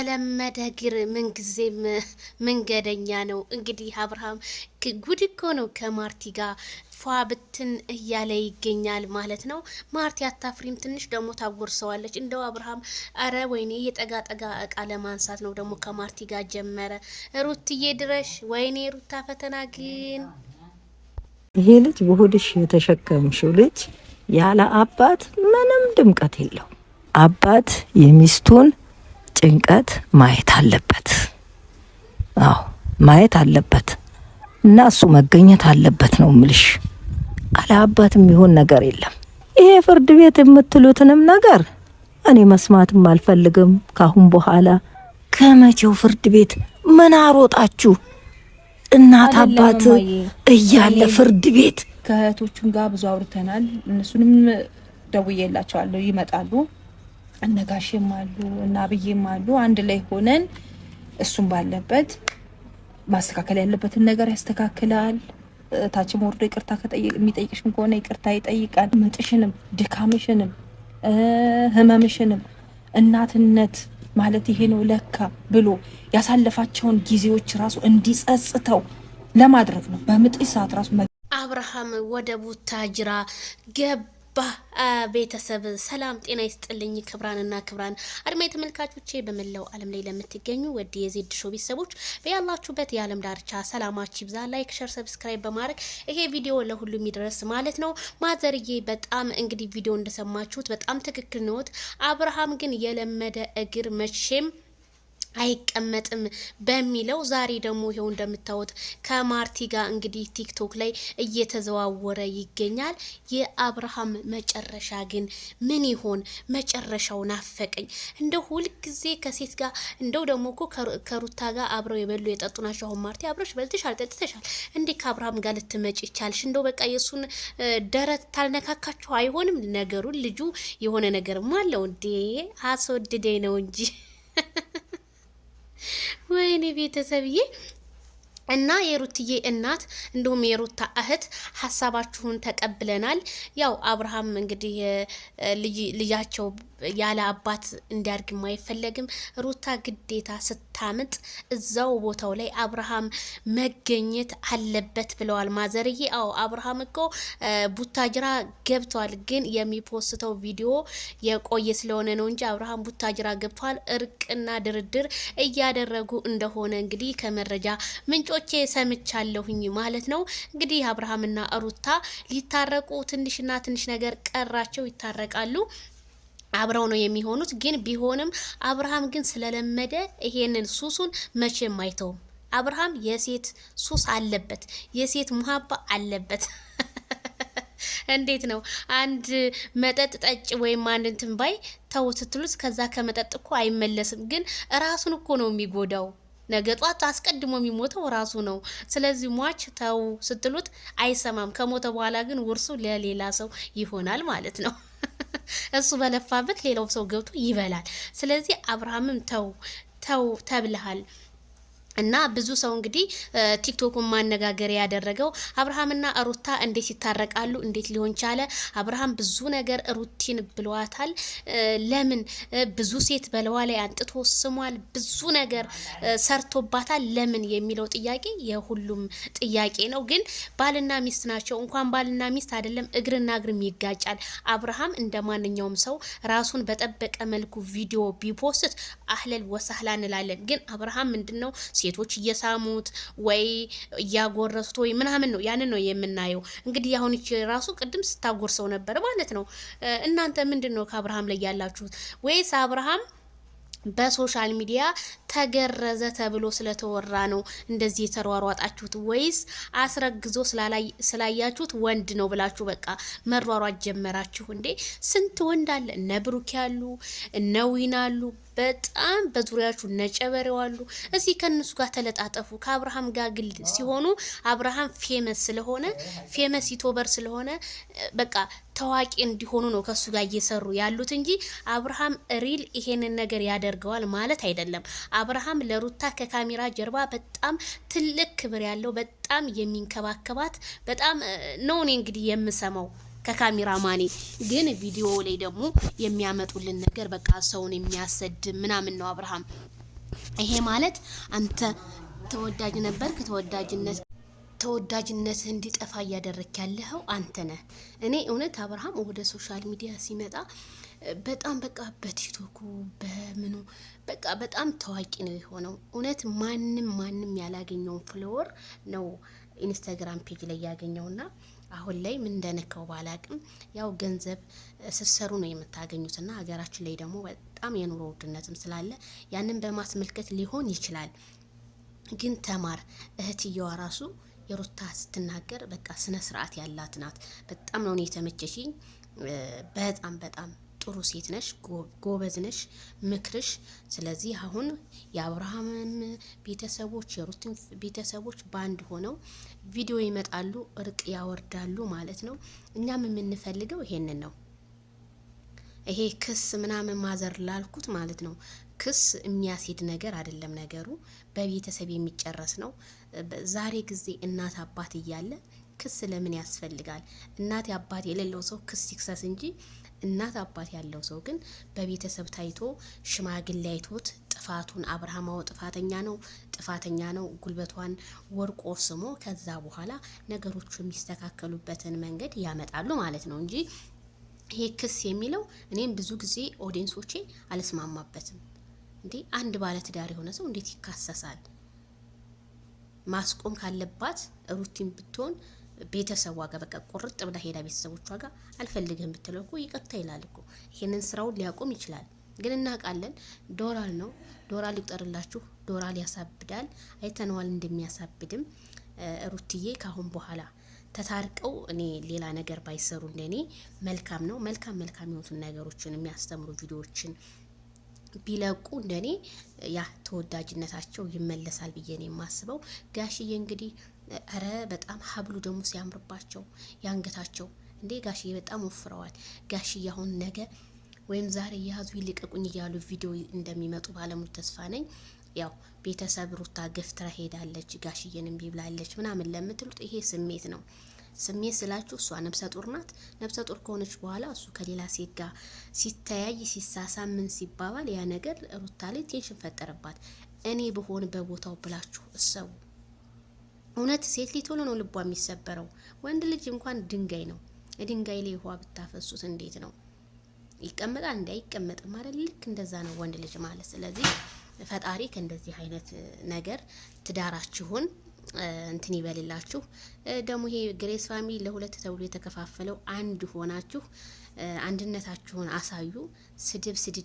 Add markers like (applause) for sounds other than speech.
የለመደ እግር ምንጊዜም መንገደኛ ነው። እንግዲህ አብርሃም ጉድ እኮ ነው ከማርቲ ጋር ፏ ብትን እያለ ይገኛል ማለት ነው። ማርቲ አታፍሪም? ትንሽ ደግሞ ታጎርሰዋለች። እንደው አብርሃም አረ ወይኔ የጠጋ ጠጋ እቃ ለማንሳት ነው ደግሞ ከማርቲ ጋር ጀመረ። ሩትዬ ድረሽ ወይኔ ሩታ ፈተና ግን ይሄ ልጅ በሆድሽ የተሸከምሽው ልጅ ያለ አባት ምንም ድምቀት የለው። አባት የሚስቱን ጭንቀት ማየት አለበት። አዎ ማየት አለበት እና እሱ መገኘት አለበት ነው ምልሽ። አለአባት የሚሆን ነገር የለም። ይሄ ፍርድ ቤት የምትሉትንም ነገር እኔ መስማትም አልፈልግም ካሁን በኋላ። ከመቼው ፍርድ ቤት ምን አሮጣችሁ? እናት አባት እያለ ፍርድ ቤት። ከእህቶቹም ጋር ብዙ አውርተናል። እነሱንም ደውዬላቸዋለሁ፣ ይመጣሉ እነጋሽም አሉ እና አብዬም አሉ አንድ ላይ ሆነን እሱም ባለበት ማስተካከል ያለበትን ነገር ያስተካክላል። ታችም ወርዶ ይቅርታ የሚጠይቅሽም ከሆነ ይቅርታ ይጠይቃል። ምጥሽንም፣ ድካምሽንም፣ ህመምሽንም እናትነት ማለት ይሄ ነው ለካ ብሎ ያሳለፋቸውን ጊዜዎች ራሱ እንዲጸጽተው ለማድረግ ነው። በምጥ ሰዓት ራሱ አብርሃም ወደ ቡታጅራ ገብ ቤተሰብ ሰላም ጤና ይስጥልኝ። ክብራንና ክብራን አድማ የተመልካቾቼ በመላው ዓለም ላይ ለምትገኙ ወድ የዜድ ሾ ቤተሰቦች በያላችሁበት የዓለም ዳርቻ ሰላማችሁ ይብዛ። ላይክ፣ ሸር፣ ሰብስክራይብ በማድረግ ይሄ ቪዲዮ ለሁሉም ይድረስ ማለት ነው። ማዘርዬ በጣም እንግዲህ ቪዲዮ እንደሰማችሁት በጣም ትክክል ነዎት። አብርሃም ግን የለመደ እግር መቼም አይቀመጥም በሚለው ዛሬ ደግሞ ይሄው እንደምታዩት ከማርቲ ጋር እንግዲህ ቲክቶክ ላይ እየተዘዋወረ ይገኛል። የአብርሃም መጨረሻ ግን ምን ይሆን? መጨረሻው ናፈቀኝ። እንደ ሁልጊዜ ከሴት ጋር እንደው ደግሞ እኮ ከሩታ ጋር አብረው የበሉ የጠጡ ናቸው። አሁን ማርቲ አብረሽ በልተሻል፣ ጠጥተሻል። እንዴት ከአብርሃም ጋር ልትመጭ ይቻልሽ? እንደው በቃ የእሱን ደረት ታልነካካቸው አይሆንም። ነገሩን ልጁ የሆነ ነገርማ አለው እንዴ፣ አስወድደኝ ነው እንጂ ወይኔ ቤተሰብዬ እና የሩትዬ እናት እንዲሁም የሩታ እህት ሀሳባችሁን ተቀብለናል። ያው አብርሃም እንግዲህ ልጃቸው ያለ አባት እንዲያድግም አይፈለግም። ሩታ ግዴታ ስታምጥ እዛው ቦታው ላይ አብርሃም መገኘት አለበት ብለዋል ማዘርዬ። አዎ አብርሃም እኮ ቡታጅራ ገብቷል፣ ግን የሚፖስተው ቪዲዮ የቆየ ስለሆነ ነው እንጂ አብርሃም ቡታጅራ ገብቷል። እርቅና ድርድር እያደረጉ እንደሆነ እንግዲህ ከመረጃ ምንጮ ከብዙዎቼ ሰምቻለሁኝ ማለት ነው። እንግዲህ አብርሃምና ሩታ ሊታረቁ ትንሽና ትንሽ ነገር ቀራቸው፣ ይታረቃሉ አብረው ነው የሚሆኑት። ግን ቢሆንም አብርሃም ግን ስለለመደ ይሄንን ሱሱን መቼም አይተውም። አብርሃም የሴት ሱስ አለበት፣ የሴት ሙሀባ አለበት። (laughs) እንዴት ነው አንድ መጠጥ ጠጭ ወይም አንድ እንትን ባይ ተው ስትሉት ከዛ ከመጠጥ እኮ አይመለስም። ግን እራሱን እኮ ነው የሚጎዳው። ነገ ጧት አስቀድሞ የሚሞተው ራሱ ነው። ስለዚህ ሟች ተው ስትሉት አይሰማም። ከሞተ በኋላ ግን ውርሱ ለሌላ ሰው ይሆናል ማለት ነው። (laughs) እሱ በለፋበት ሌላው ሰው ገብቶ ይበላል። ስለዚህ አብርሃምም ተው ተው ተብልሃል እና ብዙ ሰው እንግዲህ ቲክቶኩን ማነጋገር ያደረገው አብርሃምና ሩታ እንዴት ይታረቃሉ? እንዴት ሊሆን ቻለ? አብርሃም ብዙ ነገር ሩቲን ብሏታል። ለምን ብዙ ሴት በለዋ ላይ አንጥቶ ስሟል። ብዙ ነገር ሰርቶባታል። ለምን የሚለው ጥያቄ የሁሉም ጥያቄ ነው። ግን ባልና ሚስት ናቸው። እንኳን ባልና ሚስት አይደለም እግርና እግርም ይጋጫል። አብርሃም እንደ ማንኛውም ሰው ራሱን በጠበቀ መልኩ ቪዲዮ ቢፖስት አህለል ወሳህላ እንላለን። ግን አብርሃም ምንድን ነው ሴቶች እየሳሙት ወይ እያጎረሱት ወይ ምናምን ነው። ያንን ነው የምናየው። እንግዲህ አሁን ራሱ ቅድም ስታጎርሰው ነበር ማለት ነው። እናንተ ምንድን ነው ከአብርሃም ላይ ያላችሁት? ወይስ አብርሃም በሶሻል ሚዲያ ተገረዘ ተብሎ ስለተወራ ነው እንደዚህ የተሯሯጣችሁት፣ ወይስ አስረግዞ ስላያችሁት ወንድ ነው ብላችሁ በቃ መሯሯጥ ጀመራችሁ እንዴ? ስንት ወንድ አለ። እነ ብሩክ ያሉ እነ ዊና አሉ፣ በጣም በዙሪያችሁ ነጨበሬው አሉ። እዚህ ከእነሱ ጋር ተለጣጠፉ። ከአብርሃም ጋር ግል ሲሆኑ አብርሃም ፌመስ ስለሆነ ፌመስ ዩቱበር ስለሆነ በቃ ታዋቂ እንዲሆኑ ነው ከሱ ጋር እየሰሩ ያሉት እንጂ አብርሃም ሪል ይሄንን ነገር ያደርገዋል ማለት አይደለም። አብርሃም ለሩታ ከካሜራ ጀርባ በጣም ትልቅ ክብር ያለው በጣም የሚንከባከባት በጣም ነው እኔ እንግዲህ የምሰማው ከካሜራ ማኔ ግን ቪዲዮ ላይ ደግሞ የሚያመጡልን ነገር በቃ ሰውን የሚያሰድ ምናምን ነው። አብርሃም ይሄ ማለት አንተ ተወዳጅ ነበርክ፣ ተወዳጅነት ተወዳጅነት እንዲጠፋ እያደረክ ያለኸው አንተ ነህ። እኔ እውነት አብርሃም ወደ ሶሻል ሚዲያ ሲመጣ በጣም በቃ በቲክቶኩ በምኑ በቃ በጣም ታዋቂ ነው የሆነው። እውነት ማንም ማንም ያላገኘውን ፍሎወር ነው ኢንስታግራም ፔጅ ላይ ያገኘውና አሁን ላይ ምን እንደነካው ባላቅም ያው ገንዘብ ስሰሩ ነው የምታገኙትና ሀገራችን ላይ ደግሞ በጣም የኑሮ ውድነትም ስላለ ያንን በማስመልከት ሊሆን ይችላል። ግን ተማር እህትየዋ ራሱ የሩታ ስትናገር በቃ ስነ ስርዓት ያላት ናት። በጣም ነው እኔ የተመቸሽኝ። በጣም በጣም ጥሩ ሴት ነሽ፣ ጎበዝ ነሽ፣ ምክርሽ። ስለዚህ አሁን የአብርሃምም ቤተሰቦች የሩትን ቤተሰቦች በአንድ ሆነው ቪዲዮ ይመጣሉ፣ እርቅ ያወርዳሉ ማለት ነው። እኛም የምንፈልገው ይሄንን ነው። ይሄ ክስ ምናምን ማዘር ላልኩት ማለት ነው። ክስ የሚያስሄድ ነገር አይደለም። ነገሩ በቤተሰብ የሚጨረስ ነው። ዛሬ ጊዜ እናት አባት እያለ ክስ ለምን ያስፈልጋል? እናት አባት የሌለው ሰው ክስ ይክሰስ እንጂ እናት አባት ያለው ሰው ግን በቤተሰብ ታይቶ ሽማግሌ አይቶት ጥፋቱን አብርሃማው ጥፋተኛ ነው ጥፋተኛ ነው ጉልበቷን ወርቆ ስሞ ከዛ በኋላ ነገሮቹ የሚስተካከሉበትን መንገድ ያመጣሉ ማለት ነው እንጂ ይሄ ክስ የሚለው እኔም ብዙ ጊዜ ኦዲንሶቼ አልስማማበትም። እንዴ አንድ ባለትዳር የሆነ ሰው እንዴት ይካሰሳል? ማስቆም ካለባት ሩቲን ብትሆን ቤተሰቧ ጋር በቃ ቁርጥ ብላ ሄዳ ቤተሰቦቿ ጋር አልፈልግህም ብትለው እኮ ይቅርታ ይላል እኮ። ይህንን ስራውን ሊያቆም ይችላል። ግን እናውቃለን፣ ዶራል ነው ዶራል ይቁጠርላችሁ ዶራል ያሳብዳል። አይተነዋል እንደሚያሳብድም። ሩትዬ ካሁን በኋላ ተታርቀው እኔ ሌላ ነገር ባይሰሩ እንደኔ መልካም ነው። መልካም መልካም የሆኑትን ነገሮችን የሚያስተምሩ ቪዲዮዎችን ቢለቁ እንደኔ ያ ተወዳጅነታቸው ይመለሳል ብዬ ነው የማስበው። ጋሽዬ እንግዲህ ኧረ በጣም ሀብሉ ደግሞ ሲያምርባቸው ያንገታቸው እንዴ ጋሽዬ በጣም ወፍረዋል። ጋሽዬ አሁን ነገ ወይም ዛሬ ያዙ ይልቀቁኝ እያሉ ቪዲዮ እንደሚመጡ ባለሙሉ ተስፋ ነኝ። ያው ቤተሰብ ሩታ ገፍትራ ሄዳለች ጋሽዬንም ቢብላለች ምናምን ለምትሉት ይሄ ስሜት ነው። ስሜት ስላችሁ እሷ ነብሰ ጡር ናት። ነብሰ ጡር ከሆነች በኋላ እሱ ከሌላ ሴት ጋር ሲተያይ ሲሳሳ ምን ሲባባል ያ ነገር ሩታ ላይ ቴንሽን ፈጠረባት። እኔ ብሆን በቦታው ብላችሁ እሰቡ። እውነት ሴት ልጅ ቶሎ ነው ልቧ የሚሰበረው። ወንድ ልጅ እንኳን ድንጋይ ነው። ድንጋይ ላይ ውሃ ብታፈሱት እንዴት ነው ይቀመጣል? እንዲ አይቀመጥም ማለት ልክ እንደዛ ነው ወንድ ልጅ ማለት። ስለዚህ ፈጣሪ ከእንደዚህ አይነት ነገር ትዳራችሁን እንትን ይበልላችሁ። ደግሞ ይሄ ግሬስ ፋሚሊ ለሁለት ተብሎ የተከፋፈለው አንድ ሆናችሁ አንድነታችሁን አሳዩ። ስድብ ስድ